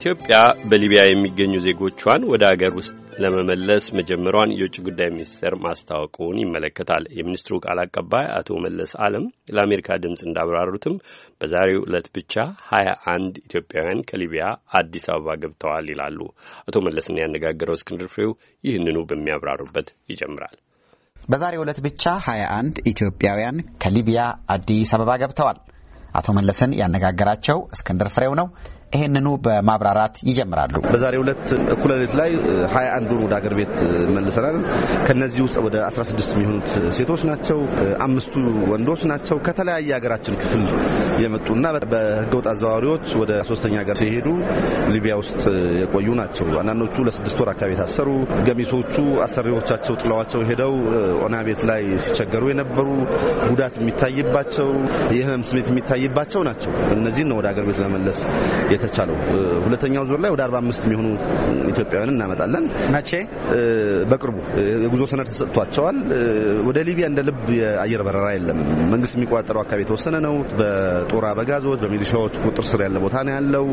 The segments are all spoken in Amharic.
ኢትዮጵያ በሊቢያ የሚገኙ ዜጎቿን ወደ አገር ውስጥ ለመመለስ መጀመሯን የውጭ ጉዳይ ሚኒስቴር ማስታወቁን ይመለከታል። የሚኒስትሩ ቃል አቀባይ አቶ መለስ አለም ለአሜሪካ ድምፅ እንዳብራሩትም በዛሬው ዕለት ብቻ ሀያ አንድ ኢትዮጵያውያን ከሊቢያ አዲስ አበባ ገብተዋል ይላሉ። አቶ መለስን ያነጋገረው እስክንድር ፍሬው ይህንኑ በሚያብራሩበት ይጀምራል። በዛሬው ዕለት ብቻ ሀያ አንድ ኢትዮጵያውያን ከሊቢያ አዲስ አበባ ገብተዋል። አቶ መለስን ያነጋገራቸው እስክንድር ፍሬው ነው። ይህንኑ በማብራራት ይጀምራሉ። በዛሬ ሁለት እኩለ ሌሊት ላይ ሀያ አንዱን ወደ አገር ቤት መልሰናል። ከነዚህ ውስጥ ወደ 16 የሚሆኑት ሴቶች ናቸው፣ አምስቱ ወንዶች ናቸው። ከተለያየ ሀገራችን ክፍል የመጡና በህገወጥ አዘዋዋሪዎች ወደ ሶስተኛ ሀገር ሲሄዱ ሊቢያ ውስጥ የቆዩ ናቸው። አንዳንዶቹ ለስድስት ወር አካባቢ ታሰሩ፣ ገሚሶቹ አሰሪዎቻቸው ጥለዋቸው ሄደው ኦና ቤት ላይ ሲቸገሩ የነበሩ ጉዳት የሚታይባቸው የህመም ስሜት የሚታይባቸው ናቸው። እነዚህን ነው ወደ አገር ቤት ለመመለስ የተቻለው። ሁለተኛው ዙር ላይ ወደ 45 የሚሆኑ ኢትዮጵያውያን እናመጣለን። መቼ? በቅርቡ የጉዞ ሰነድ ተሰጥቷቸዋል። ወደ ሊቢያ እንደ ልብ የአየር በረራ የለም። መንግስት የሚቆጣጠረው አካባቢ የተወሰነ ነው። በጦር አበጋዞች፣ በሚሊሻዎች ቁጥር ስር ያለ ቦታ ነው ያለው።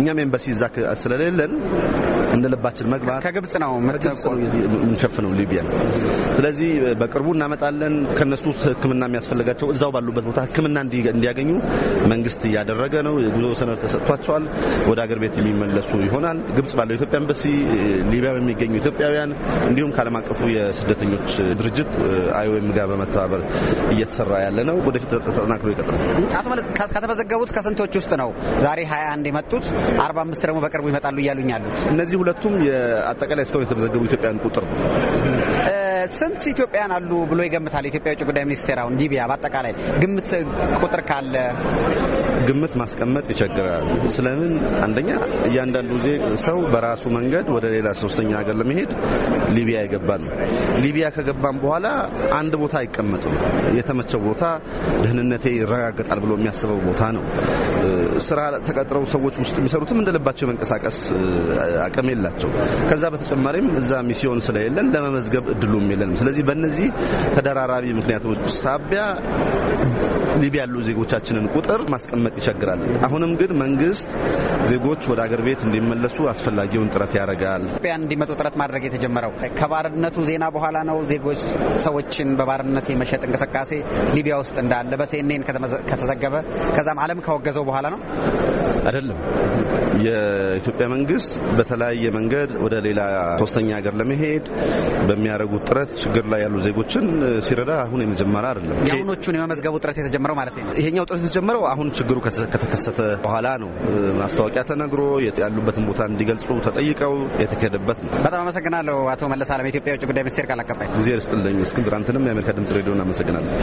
እኛም ኤምባሲ እዛ ስለሌለን እንደ ልባችን መግባት ከግብጽ ነው የምንሸፍነው ሊቢያ። ስለዚህ በቅርቡ እናመጣለን። ከነሱ ሕክምና የሚያስፈልጋቸው እዛው ባሉበት ቦታ ሕክምና እንዲያገኙ መንግስት እያደረገ ነው። የጉዞ ሰነድ ተሰጥቷቸዋል። ይኖራል። ወደ አገር ቤት የሚመለሱ ይሆናል። ግብጽ ባለው ኢትዮጵያ ኤምባሲ፣ ሊቢያ የሚገኙ ኢትዮጵያውያን እንዲሁም ከዓለም አቀፉ የስደተኞች ድርጅት አይኦኤም ጋር በመተባበር እየተሰራ ያለ ነው። ወደፊት ተጠናክሮ ይቀጥላል። ከተመዘገቡት ከስንቶች ውስጥ ነው ዛሬ 21 የመጡት 45 ደግሞ በቅርቡ ይመጣሉ እያሉኝ ያሉት? እነዚህ ሁለቱም አጠቃላይ እስካሁን የተመዘገቡ ኢትዮጵያውያን ቁጥር ነው። ስንት ኢትዮጵያውያን አሉ ብሎ ይገምታል የኢትዮጵያ የውጭ ጉዳይ ሚኒስቴር? አሁን ሊቢያ በአጠቃላይ ግምት ቁጥር ካለ ግምት ማስቀመጥ ይቸግራል። ስለምን አንደኛ እያንዳንዱ ጊዜ ሰው በራሱ መንገድ ወደ ሌላ ሶስተኛ ሀገር ለመሄድ ሊቢያ ነው። ሊቢያ ከገባም በኋላ አንድ ቦታ አይቀመጥም። የተመቸው ቦታ ደህንነቴ ይረጋገጣል ብሎ የሚያስበው ቦታ ነው። ስራ ተቀጥረው ሰዎች ውስጥ የሚሰሩትም እንደልባቸው የመንቀሳቀስ አቅም የላቸው። ከዛ በተጨማሪም እዛ ሚስዮን ስለሌለን ለመመዝገብ እድሉም የለንም። ስለዚህ በእነዚህ ተደራራቢ ምክንያቶች ሳቢያ ሊቢያ ያሉ ዜጎቻችንን ቁጥር ማስቀመጥ ይቸግራል። አሁንም ግን መንግስት ዜጎች ወደ አገር ቤት እንዲመለሱ አስፈላጊውን ጥረት ያደርጋል። ኢትዮጵያ እንዲመጡ ጥረት ማድረግ የተጀመረው ከባርነቱ ዜና በኋላ ነው። ዜጎች ሰዎችን በባርነት የመሸጥ እንቅስቃሴ ሊቢያ ውስጥ እንዳለ በሲኤንኤን ከተዘገበ ከዛም ዓለም ካወገዘው በኋላ ነው አይደለም። የኢትዮጵያ መንግስት በተለያየ መንገድ ወደ ሌላ ሶስተኛ ሀገር ለመሄድ በሚያደርጉት ጥረት መሰረት ችግር ላይ ያሉ ዜጎችን ሲረዳ አሁን የመጀመሪያ አይደለም። የአሁኖቹን የመመዝገቡ ጥረት የተጀመረው ማለት ነው። ይሄኛው ጥረት የተጀመረው አሁን ችግሩ ከተከሰተ በኋላ ነው። ማስታወቂያ ተነግሮ ያሉበትን ቦታ እንዲገልጹ ተጠይቀው የተካሄደበት ነው። በጣም አመሰግናለሁ አቶ መለስ አለም፣ የኢትዮጵያ የውጭ ጉዳይ ሚኒስቴር ቃል አቀባይ። ጊዜ ርስጥልኝ። እስክንድር አንተንም የአሜሪካ ድምጽ ሬዲዮን አመሰግናለሁ።